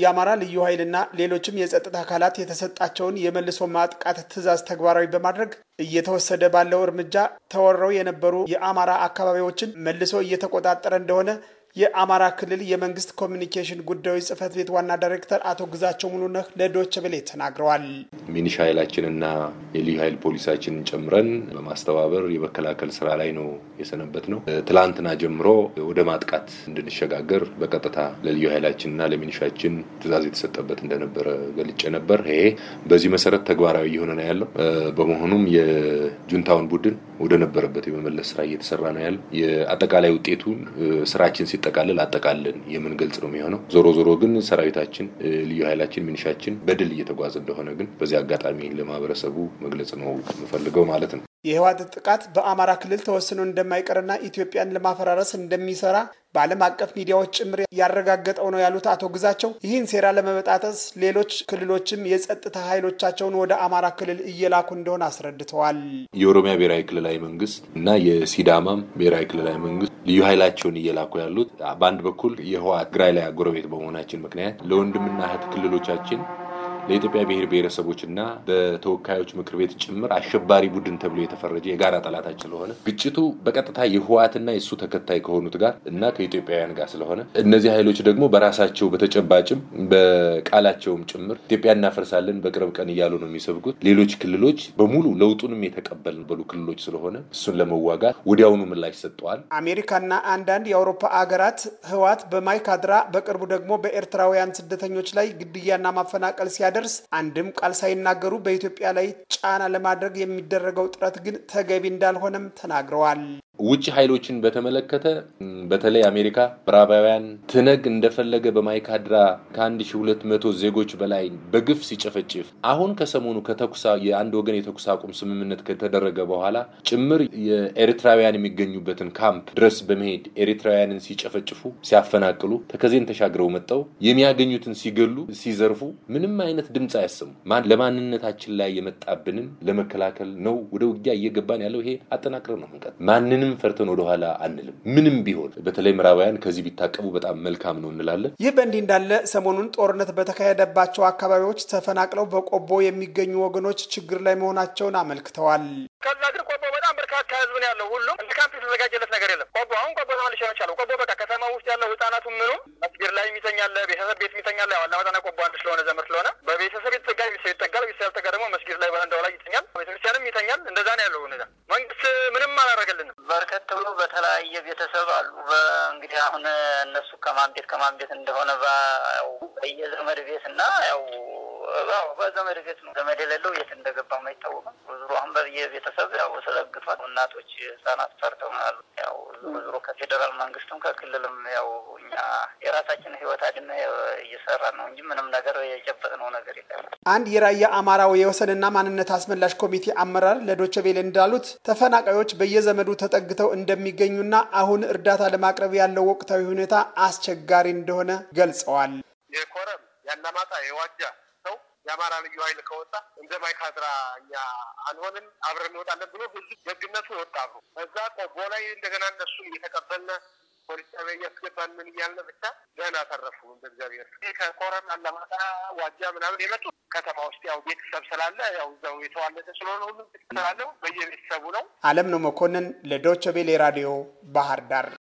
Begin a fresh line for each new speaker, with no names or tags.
የአማራ ልዩ ኃይልና ሌሎችም የጸጥታ አካላት የተሰጣቸውን የመልሶ ማጥቃት ትዕዛዝ ተግባራዊ በማድረግ እየተወሰደ ባለው እርምጃ ተወረው የነበሩ የአማራ አካባቢዎችን መልሶ እየተቆጣጠረ እንደሆነ የአማራ ክልል የመንግስት ኮሚኒኬሽን ጉዳዮች ጽህፈት ቤት ዋና ዳይሬክተር አቶ ግዛቸው ሙሉነህ ለዶች ብሌ ተናግረዋል።
ሚኒሻ ኃይላችንና የልዩ ኃይል ፖሊሳችንን ጨምረን በማስተባበር የመከላከል ስራ ላይ ነው የሰነበት ነው። ትላንትና ጀምሮ ወደ ማጥቃት እንድንሸጋገር በቀጥታ ለልዩ ኃይላችንና ለሚኒሻችን ትእዛዝ የተሰጠበት እንደነበረ ገልጬ ነበር። ይሄ በዚህ መሰረት ተግባራዊ እየሆነ ነው ያለው። በመሆኑም የጁንታውን ቡድን ወደ ነበረበት የመመለስ ስራ እየተሰራ ነው ያለው። የአጠቃላይ ውጤቱን ስራችን ሲጠቃልል አጠቃልን የምንገልጽ ነው የሚሆነው። ዞሮ ዞሮ ግን ሰራዊታችን፣ ልዩ ኃይላችን፣ ሚኒሻችን በድል እየተጓዘ እንደሆነ ግን በዚህ አጋጣሚ ለማህበረሰቡ መግለጽ ነው የምፈልገው ማለት ነው።
የህወሓት ጥቃት በአማራ ክልል ተወስኖ እንደማይቀርና ኢትዮጵያን ለማፈራረስ እንደሚሰራ በዓለም አቀፍ ሚዲያዎች ጭምር ያረጋገጠው ነው ያሉት አቶ ግዛቸው ይህን ሴራ ለመበጣጠስ ሌሎች ክልሎችም የጸጥታ ኃይሎቻቸውን ወደ አማራ ክልል እየላኩ እንደሆነ አስረድተዋል።
የኦሮሚያ ብሔራዊ ክልላዊ መንግስት እና የሲዳማም ብሔራዊ ክልላዊ መንግስት ልዩ ኃይላቸውን እየላኩ ያሉት በአንድ በኩል የህወሓት ትግራይ ላይ ጎረቤት በመሆናችን ምክንያት ለወንድምና እህት ክልሎቻችን ለኢትዮጵያ ብሔር ብሔረሰቦችና በተወካዮች ምክር ቤት ጭምር አሸባሪ ቡድን ተብሎ የተፈረጀ የጋራ ጠላታችን ስለሆነ ግጭቱ በቀጥታ የህወሓትና የእሱ ተከታይ ከሆኑት ጋር እና ከኢትዮጵያውያን ጋር ስለሆነ እነዚህ ኃይሎች ደግሞ በራሳቸው በተጨባጭም በቃላቸውም ጭምር ኢትዮጵያ እናፈርሳለን በቅርብ ቀን እያሉ ነው የሚሰብኩት። ሌሎች ክልሎች በሙሉ ለውጡንም የተቀበልን በሉ ክልሎች ስለሆነ እሱን ለመዋጋት ወዲያውኑ ምላሽ ሰጠዋል።
አሜሪካና አንዳንድ የአውሮፓ አገራት ህወሓት በማይካድራ በቅርቡ ደግሞ በኤርትራውያን ስደተኞች ላይ ግድያና ማፈናቀል ሲያ ሲያደርስ አንድም ቃል ሳይናገሩ በኢትዮጵያ ላይ ጫና ለማድረግ የሚደረገው ጥረት ግን ተገቢ እንዳልሆነም ተናግረዋል።
ውጭ ኃይሎችን በተመለከተ በተለይ አሜሪካ ምዕራባውያን ትነግ እንደፈለገ በማይካድራ ከ1200 ዜጎች በላይ በግፍ ሲጨፈጭፍ አሁን ከሰሞኑ የአንድ ወገን የተኩስ አቁም ስምምነት ከተደረገ በኋላ ጭምር የኤርትራውያን የሚገኙበትን ካምፕ ድረስ በመሄድ ኤርትራውያንን ሲጨፈጭፉ፣ ሲያፈናቅሉ ተከዜን ተሻግረው መጠው የሚያገኙትን ሲገሉ፣ ሲዘርፉ ምንም አይነት ድምፅ አያሰሙ ለማንነታችን ላይ የመጣብንን ለመከላከል ነው ወደ ውጊያ እየገባን ያለው። ይሄ አጠናክረን ነው ምንቀጥ ምንም ፈርተን ወደኋላ አንልም። ምንም ቢሆን በተለይ ምዕራባውያን ከዚህ ቢታቀቡ በጣም መልካም ነው እንላለን።
ይህ በእንዲህ እንዳለ ሰሞኑን ጦርነት በተካሄደባቸው አካባቢዎች ተፈናቅለው በቆቦ የሚገኙ ወገኖች ችግር ላይ መሆናቸውን አመልክተዋል። ከዛ ግን ቆቦ በጣም በርካታ ህዝብ ነው ያለው። ሁሉም እንደ ካምፕ የተዘጋጀለት ነገር የለም። ቆቦ አሁን ቆቦ ተመልሼ ነው ቆቦ በቃ ከተማ ውስጥ ያለው ህጻናቱ መስጊድ ላይ የሚተኛለ ቤተሰብ ቤት የሚተኛለ ቆቦ አንድ ስለሆነ ዘመድ ስለሆነ በቤተሰብ የተጠጋ ቤተሰብ ይጠጋል። ቤተሰብ ያልጠጋ ደግሞ መስጊድ ላይ በረንዳው ላይ ይተኛል። ቤተክርስቲያንም ይተኛል። እንደዛ ነው ያለው ሁኔታ ተከትሎ በተለያየ ቤተሰብ አሉ። እንግዲህ አሁን እነሱ ከማን ቤት ከማን ቤት እንደሆነ በየዘመድ ቤት እና ያው በዘመድ ቤት ነው። ዘመድ የሌለው የት እንደገባም አይታወቅም። ብዙ አሁን በየቤተሰብ ያው ስለግፋት እናቶች ህጻናት ፈርተው ያው ዞሮ ከፌዴራል መንግስትም ከክልልም ያው እኛ የራሳችን ህይወት አድነ እየሰራ ነው እንጂ ምንም ነገር የጨበጥነው ነገር የለም። አንድ የራያ አማራው የወሰንና ማንነት አስመላሽ ኮሚቴ አመራር ለዶቸቬሌ እንዳሉት ተፈናቃዮች በየዘመዱ ተጠግተው እንደሚገኙና አሁን እርዳታ ለማቅረብ ያለው ወቅታዊ ሁኔታ አስቸጋሪ እንደሆነ ገልጸዋል። የኮረም ያለማጣ የዋጃ የአማራ ልዩ ኃይል ከወጣ እንደ ማይካድራ እኛ አልሆንም አብረን እንወጣለን ብሎ ህዝብ ደግነቱ ወጣ ብሎ እዛ ቆቦ ላይ እንደገና እነሱን እየተቀበልነ ፖሊስ ጣቢያ እያስገባን ምን እያልን ብቻ ገና ተረፉ። እንደ እግዚአብሔር ከኮረም አለማጣ ዋጃ ምናምን የመጡ ከተማ ውስጥ ያው ቤተሰብ ስላለ ያው እዛው የተዋለደ ስለሆነ ሁሉም ስላለው በየቤተሰቡ ነው። አለም ነው መኮንን ለዶቸቤሌ ራዲዮ ባህር ዳር